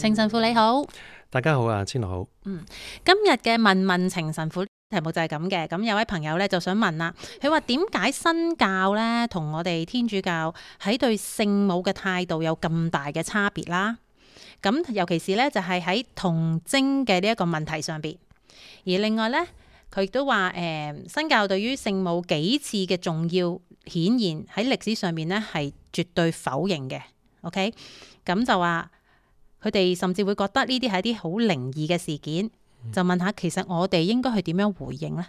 情神父你好，大家好啊，千樂好。嗯，今日嘅問問情神父題目就係咁嘅。咁有位朋友咧就想問啦，佢話，點解新教咧同我哋天主教喺對聖母嘅態度有咁大嘅差別啦？咁尤其是咧就係喺童貞嘅呢一個問題上面。而另外咧，佢亦都話誒，新教對於聖母幾次嘅重要顯現喺歷史上面呢，係絕對否認嘅。OK，咁就話。佢哋甚至會覺得呢啲係一啲好靈異嘅事件，就問下其實我哋應該去點樣回應呢？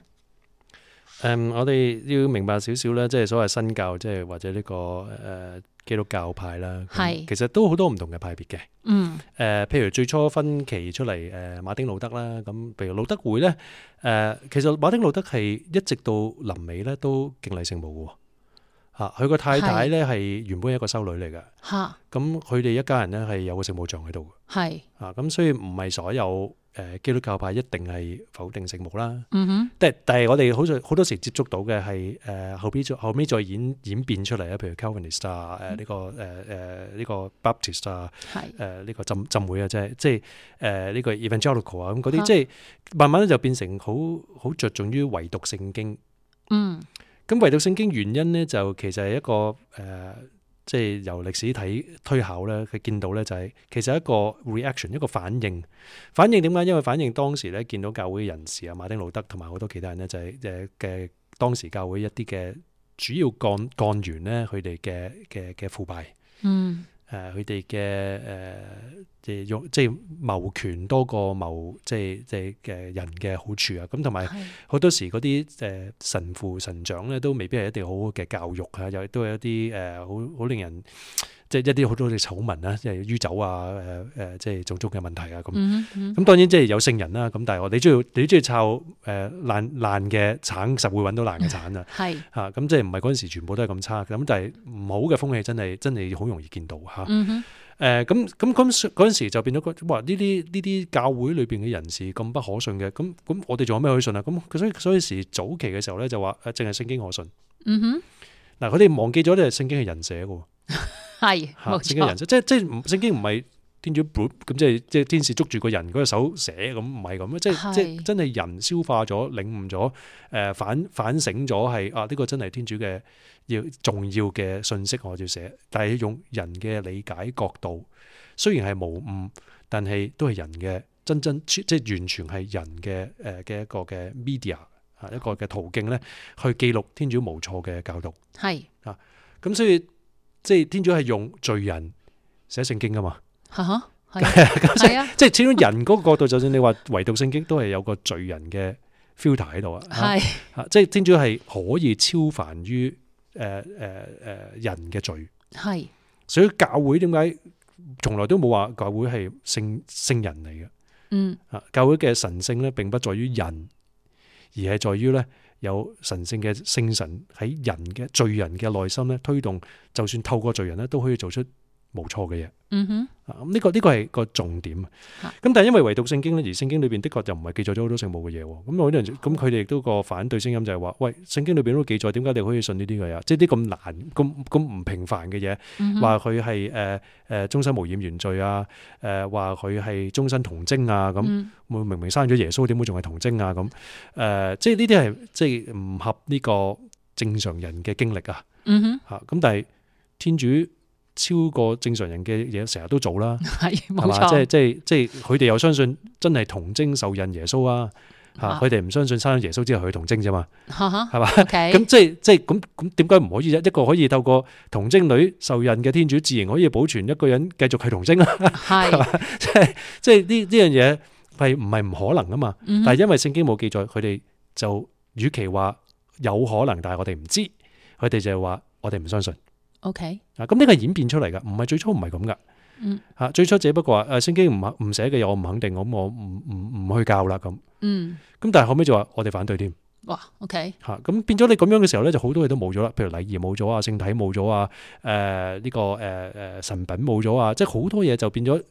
誒，我哋要明白少少啦，即係所謂新教，即係或者呢個誒基督教派啦，係其實都好多唔同嘅派別嘅。嗯，誒，譬如最初分期出嚟，誒，馬丁路德啦，咁譬如路德會呢，誒，其實馬丁路德係一直到臨尾咧都敬禮聖母嘅喎。吓，佢個太太咧係原本一個修女嚟噶，咁佢哋一家人咧係有個聖母像喺度嘅，吓咁的所以唔係所有誒基督教派一定係否定聖母啦，嗯、哼，但係但係我哋好在好多時接觸到嘅係誒後邊再後尾再演演變出嚟啊，譬如 Calvinist 啊，誒、這、呢個誒誒呢個 Baptist 啊，誒、這、呢、個啊這個浸浸會嘅啫，即係誒呢個 Evangelical 啊，咁嗰啲即係慢慢咧就變成好好着重於唯獨聖經，嗯。咁唯獨聖經原因咧，就其實係一個誒、呃，即係由歷史睇推考咧，佢見到咧就係其實一個 reaction，一個反應。反應點解？因為反應當時咧見到教會人士啊，馬丁路德同埋好多其他人咧，就係誒嘅當時教會一啲嘅主要幹幹員咧，佢哋嘅嘅嘅腐敗。嗯。誒佢哋嘅誒即係用即係謀權多過謀即係即係嘅人嘅好處啊！咁同埋好多時嗰啲誒神父神長咧都未必係一定好嘅教育啊，又都係一啲誒好好令人。即係一啲好多啲醜聞啦，即係酗酒啊，誒、呃、誒，即係種種嘅問題啊。咁咁、嗯、哼當然即係有聖人啦。咁但係我你中意你中意抄誒爛爛嘅橙，實會揾到爛嘅橙、嗯、哼啊。係嚇咁即係唔係嗰陣時全部都係咁差咁，但係唔好嘅風氣真係真係好容易見到嚇。誒咁咁咁嗰陣時就變咗個呢啲呢啲教會裏邊嘅人士咁不可信嘅咁，咁我哋仲有咩可以信啊？咁所以所以時早期嘅時候咧就話誒，淨係聖經可信。嗱、嗯哼，佢哋忘記咗咧，聖經係人寫嘅。 係，聖經人生，即係即係聖經唔係天主 book 咁，即係即係天使捉住個人嗰隻手寫，咁唔係咁，即係即係真係人消化咗、領悟咗、誒反反省咗，係啊呢、這個真係天主嘅要重要嘅信息我要寫，但係用人嘅理解角度，雖然係無誤，但係都係人嘅真真即係完全係人嘅誒嘅一個嘅 media 啊一個嘅途徑咧，去記錄天主無錯嘅教導。係是啊，咁所以。即係天主係用罪人寫聖經噶嘛哈哈？吓吓，係啊，即係始終人嗰個角度， 就算你話唯獨聖經 都係有個罪人嘅 filter 喺度啊。係的，即係天主係可以超凡於誒誒誒人嘅罪。係的，所以教會點解從來都冇話教會係聖聖人嚟嘅？嗯，啊，教會嘅神聖咧，並不在於人，而係在於咧。有神聖嘅聖神喺人嘅罪人嘅內心咧推動，就算透過罪人咧都可以做出。冇錯嘅嘢，嗯哼，啊咁呢個呢、這個係個重點啊。咁、嗯、但係因為唯獨聖經咧，而聖經裏邊的確就唔係記載咗好多聖母嘅嘢。咁有啲人咁佢哋亦都個反對聲音就係話：，喂，聖經裏邊都記載，點解你可以信呢啲嘅嘢？即係啲咁難、咁咁唔平凡嘅嘢，話佢係誒誒，終身無染原罪啊，誒話佢係終身童貞啊，咁、嗯，我明明生咗耶穌，點會仲係童貞啊？咁、呃、誒，即係呢啲係即係唔合呢個正常人嘅經歷啊。嗯吓咁，嗯嗯、但係天主。超過正常人嘅嘢，成日都做啦，係冇 沒錯 即係即係即係，佢哋又相信真係童貞受孕耶穌啊，吓佢哋唔相信生耶穌之後去童貞啫嘛，係嘛，咁即係即係咁咁點解唔可以？一個可以透過童貞女受孕嘅天主，自然可以保存一個人繼續去童貞啦，係嘛是 呵，即係即係呢呢樣嘢係唔係唔可能啊嘛，但係因為聖經冇記載，佢哋就與其話有可能，但係我哋唔知，知，佢哋就係話我哋唔相信。O Okay . K，啊，咁呢個演變出嚟噶，唔係最初唔係咁噶，嗯，吓、啊、最初只不過話誒，聖、啊、經唔肯唔寫嘅嘢，我唔肯定，咁我唔唔唔去教啦，咁，嗯，咁、啊、但係後尾就話我哋反對添，哇，O K，吓，咁、okay. 啊、變咗你咁樣嘅時候咧，就好多嘢都冇咗啦，譬如禮儀冇咗啊，聖體冇咗啊，誒呢個誒誒神品冇咗啊，即係好多嘢就變咗，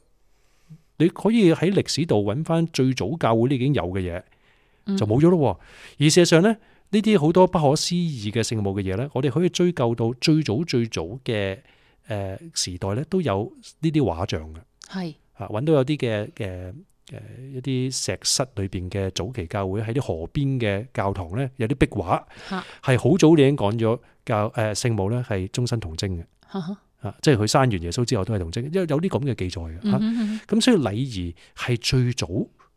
你可以喺歷史度揾翻，最早教會已經有嘅嘢，嗯、就冇咗咯，而事實上咧。呢啲好多不可思議嘅聖母嘅嘢咧，我哋可以追究到最早最早嘅誒、呃、時代咧，都有呢啲畫像嘅。係吓是，搵、啊、到有啲嘅誒誒一啲、呃、石室裏邊嘅早期教會喺啲河邊嘅教堂咧，有啲壁畫。吓、啊，係好早已經講咗教誒聖、呃、母咧係終身童貞嘅。吓、啊哈啊、即係佢生完耶穌之後都係童貞，因為有啲咁嘅記載嘅。吓、啊，咁、嗯嗯、所以禮儀係最早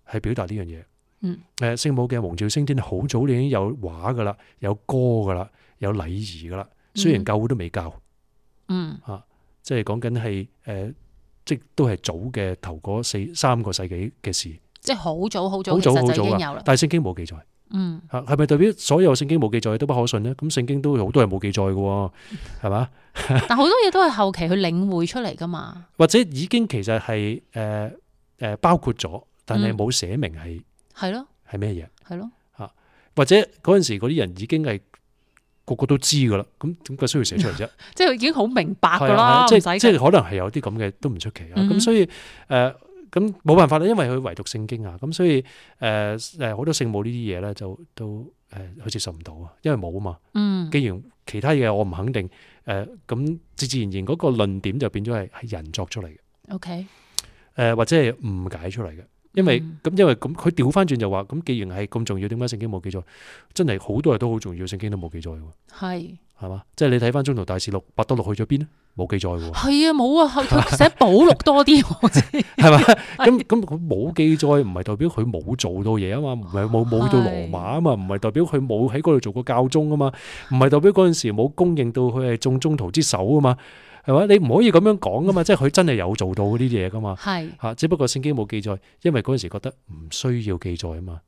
係表達呢樣嘢。嗯，誒，聖母嘅蒙召升天好早已經有畫噶啦，有歌噶啦，有禮儀噶啦。雖然教會都未教，嗯啊，即係講緊係誒，即係都係早嘅頭嗰四三個世紀嘅事，即係好早好早好早已經有啦。但係聖經冇記載，嗯，係咪代表所有聖經冇記載都不可信呢？咁聖經都好多人冇記載噶，係嘛？但係好多嘢都係後期去領會出嚟噶嘛，或者已經其實係誒誒包括咗，但係冇寫明係。係咯，係咩嘢？係咯，吓啥或者嗰陣時嗰啲人已經係個個都知噶啦，咁點解需要寫出嚟啫？即係佢已經好明白噶啦，即係可能係有啲咁嘅都唔出奇啊。咁、嗯、所以誒，咁、呃、冇辦法啦，因為佢唯獨聖經啊，咁所以誒誒好多聖母呢啲嘢咧就都誒佢、呃、接受唔到啊，因為冇啊嘛。嗯、既然其他嘢我唔肯定，誒咁自自然然嗰個論點就變咗係係人作出嚟嘅。OK，誒、嗯、或者係誤解出嚟嘅。因為咁，因為咁，佢調翻轉就話，咁既然係咁重要，點解聖經冇記載？真係好多人都好重要，聖經都冇記載嘅。係係嘛，即係你睇翻宗徒大，大事錄伯多禄去咗邊咧？冇記載喎。係啊，冇啊，佢寫保禄多啲，係嘛？ 咁咁佢冇記載，唔係代表佢冇做到嘢啊嘛。唔係冇冇去到羅馬啊嘛？唔係代表佢冇喺嗰度做過教宗啊嘛？唔係是代表嗰陣時冇公認到佢係眾宗徒之首啊嘛？係嘛？你唔可以咁樣講噶嘛，即係佢真係有做到呢啲嘢噶嘛。係是，吓，只不過聖經冇記載，因為嗰陣時覺得唔需要記載啊嘛。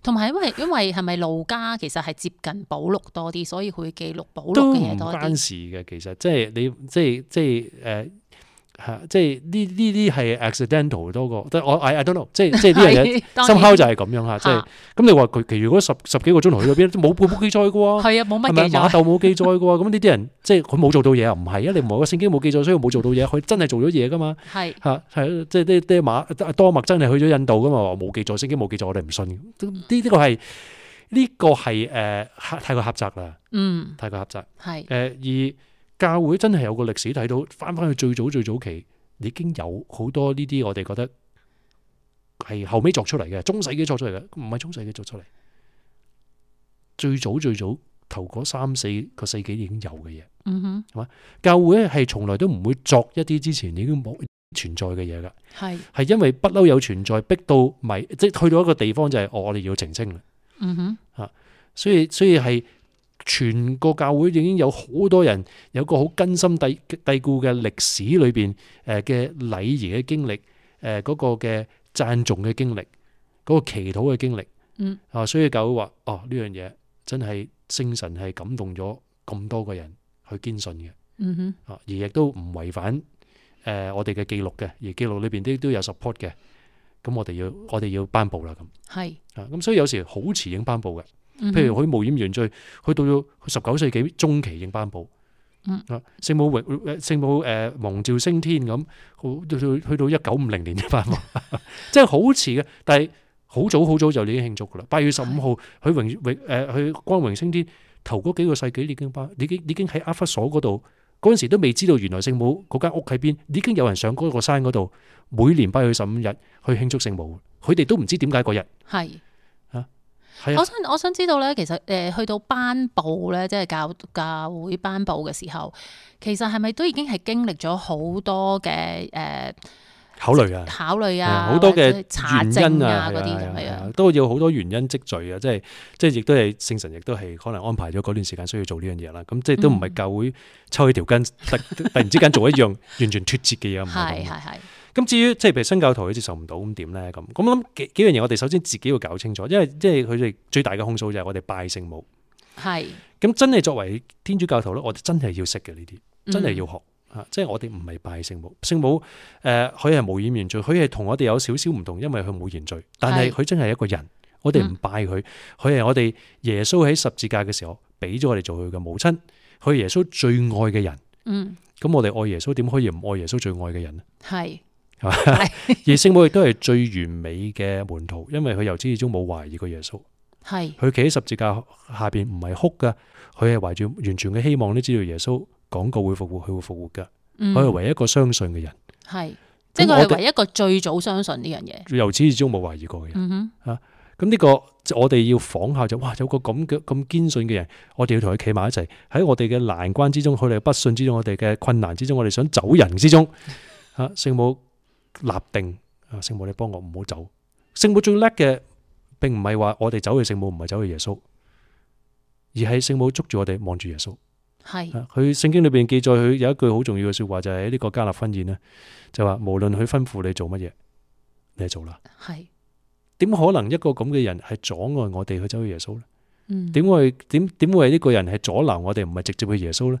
同埋因為 因為係咪路加其實係接近保祿多啲，所以佢會記錄保祿嘅嘢多啲。唔關事嘅，其實即係你即係即係誒。呃係，即係呢呢啲係 accidental 多過，但係我，I, I don't know，即係即係啲嘢，深 o 就係咁樣吓，即係咁你話佢，如果十十幾個鐘頭去咗邊，冇冇記載噶係啊，冇乜馬竇冇記載噶、啊，咁呢啲人即係佢冇做到嘢啊？唔係啊，你唔係個聖經冇記載，所以冇做到嘢，佢真係做咗嘢噶嘛？係吓係，即係啲啲馬多默真係去咗印度噶嘛？冇記載，聖經冇記載，我哋唔信。呢呢個係呢個係誒太過狹窄啦，嗯，太過狹窄誒而。教會真係有個歷史睇到，翻翻去最早最早期，已經有好多呢啲我哋覺得係後尾作出嚟嘅，中世紀作出嚟嘅，唔係中世紀作出嚟，最早最早頭嗰三四個世紀已經有嘅嘢。嗯哼，係嘛？教會係從來都唔會作一啲之前已經冇存在嘅嘢噶，係係是因為不嬲有存在，逼到咪即係去到一個地方就係、是哦，我哋要澄清啦。嗯哼，啊，所以所以係。全個教會已經有好多人有個好根深蒂蒂固嘅歷史裏邊誒嘅禮儀嘅經歷，誒、呃、嗰、那個嘅讚頌嘅經歷，嗰、那個祈禱嘅經歷，啊、嗯，所以教會話哦呢樣嘢真係聖神係感動咗咁多個人去堅信嘅，嗯、哼，啊而亦都唔違反誒、呃、我哋嘅記錄嘅，而記錄裏邊都都有 support 嘅，咁我哋要我哋要頒布啦咁，係咁是、嗯、所以有時好遲已經頒布嘅。譬如佢冒險原罪，去到咗十九世紀中期，應頒布。嗯聖母聖母誒，蒙、呃、召升天咁，去去到一九五零年就頒布，即係好遲嘅。但係好早好早就已經慶祝噶啦。八月十五號，去榮誒，佢光榮升天頭嗰幾個世紀已經頒，已經已經喺阿弗所嗰度，嗰陣時都未知道原來聖母嗰間屋喺邊，已經有人上嗰個山嗰度，每年八月十五日去慶祝聖母，佢哋都唔知點解個日係。我想是我想知道咧，其實誒、呃、去到頒布咧，即係教教會頒布嘅時候，其實係咪都已經係經歷咗好多嘅誒、呃、考慮啊？考慮啊，好多嘅原因啊，嗰啲咁樣，都要好多原因積聚啊，即係即係亦都係聖神亦都係可能安排咗嗰段時間需要做呢樣嘢啦。咁、嗯、即係都唔係教會抽起條筋突 突然之間做一樣完全脱節嘅嘢。係係係。的咁至於即係譬如新教徒佢接受唔到咁點咧咁，咁我諗幾幾樣嘢我哋首先自己要搞清楚，因為即係佢哋最大嘅控訴就係我哋拜聖母。係是，咁真係作為天主教徒咧，我哋真係要識嘅呢啲，真係要學、嗯、啊！即係我哋唔係拜聖母，聖母誒佢係無染原罪，佢係同我哋有少少唔同，因為佢冇原罪，但係佢真係一個人，我哋唔拜佢，佢係、嗯、我哋耶穌喺十字架嘅時候俾咗我哋做佢嘅母親，佢係耶穌最愛嘅人。嗯，咁我哋愛耶穌，點可以唔愛耶穌最愛嘅人咧？係。 而聖母亦都係最完美嘅門徒，因為佢由始至終冇懷疑過耶穌。係，佢企喺十字架下邊唔係哭噶，佢係懷住完全嘅希望，都知道耶穌講過會復活，佢會復活噶。佢係、嗯、唯一一個相信嘅人。係即係佢係唯一一個最早相信呢樣嘢。由始至終冇懷疑過嘅人。嗯咁，哼呢、啊呢個我哋要仿效就是、哇，有個咁嘅咁堅信嘅人，我哋要同佢企埋一齊，喺我哋嘅難關之中，佢哋不信之中，我哋嘅困難之中，我哋想走人之中，啊，聖母。 立定，啊，聖母你幫我唔好走。聖母最叻嘅，並唔係話我哋走去聖母，唔係走去耶穌，而係聖母捉住我哋，望住耶穌。係佢聖經裏邊記載，佢有一句好重要嘅說話，就係、是、呢個加納婚宴咧，就話無論佢吩咐你做乜嘢，你就做啦。係點是可能一個咁嘅人係阻礙我哋去走去耶穌咧？嗯，點會點點會呢個人係阻留我哋，唔係直接去耶穌咧？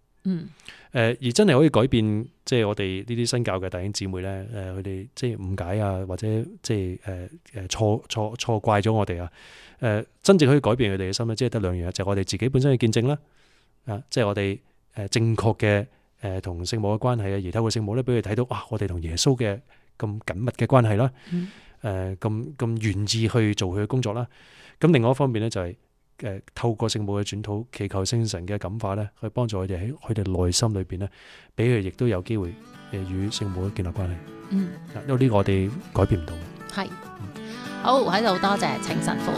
嗯，誒、呃、而真係可以改變，即係我哋呢啲新教嘅弟兄姊妹咧，誒佢哋即係誤解啊，或者即係誒誒錯錯錯怪咗我哋啊，誒、呃、真正可以改變佢哋嘅心咧，即係得兩樣，就係我哋自己本身嘅見證啦，啊即係我哋誒正確嘅誒同聖母嘅關係啊，而透過聖母咧，俾佢睇到哇，我哋同耶穌嘅咁緊密嘅關係啦，誒咁咁願意去做佢嘅工作啦，咁另外一方面咧就係。誒，透過聖母嘅轉禱、祈求聖神嘅感化咧，去幫助我哋喺佢哋內心裏邊咧，俾佢亦都有機會誒與聖母建立關係。嗯，因為呢個我哋改變唔到嘅。係是，嗯，好喺度多謝，請神父。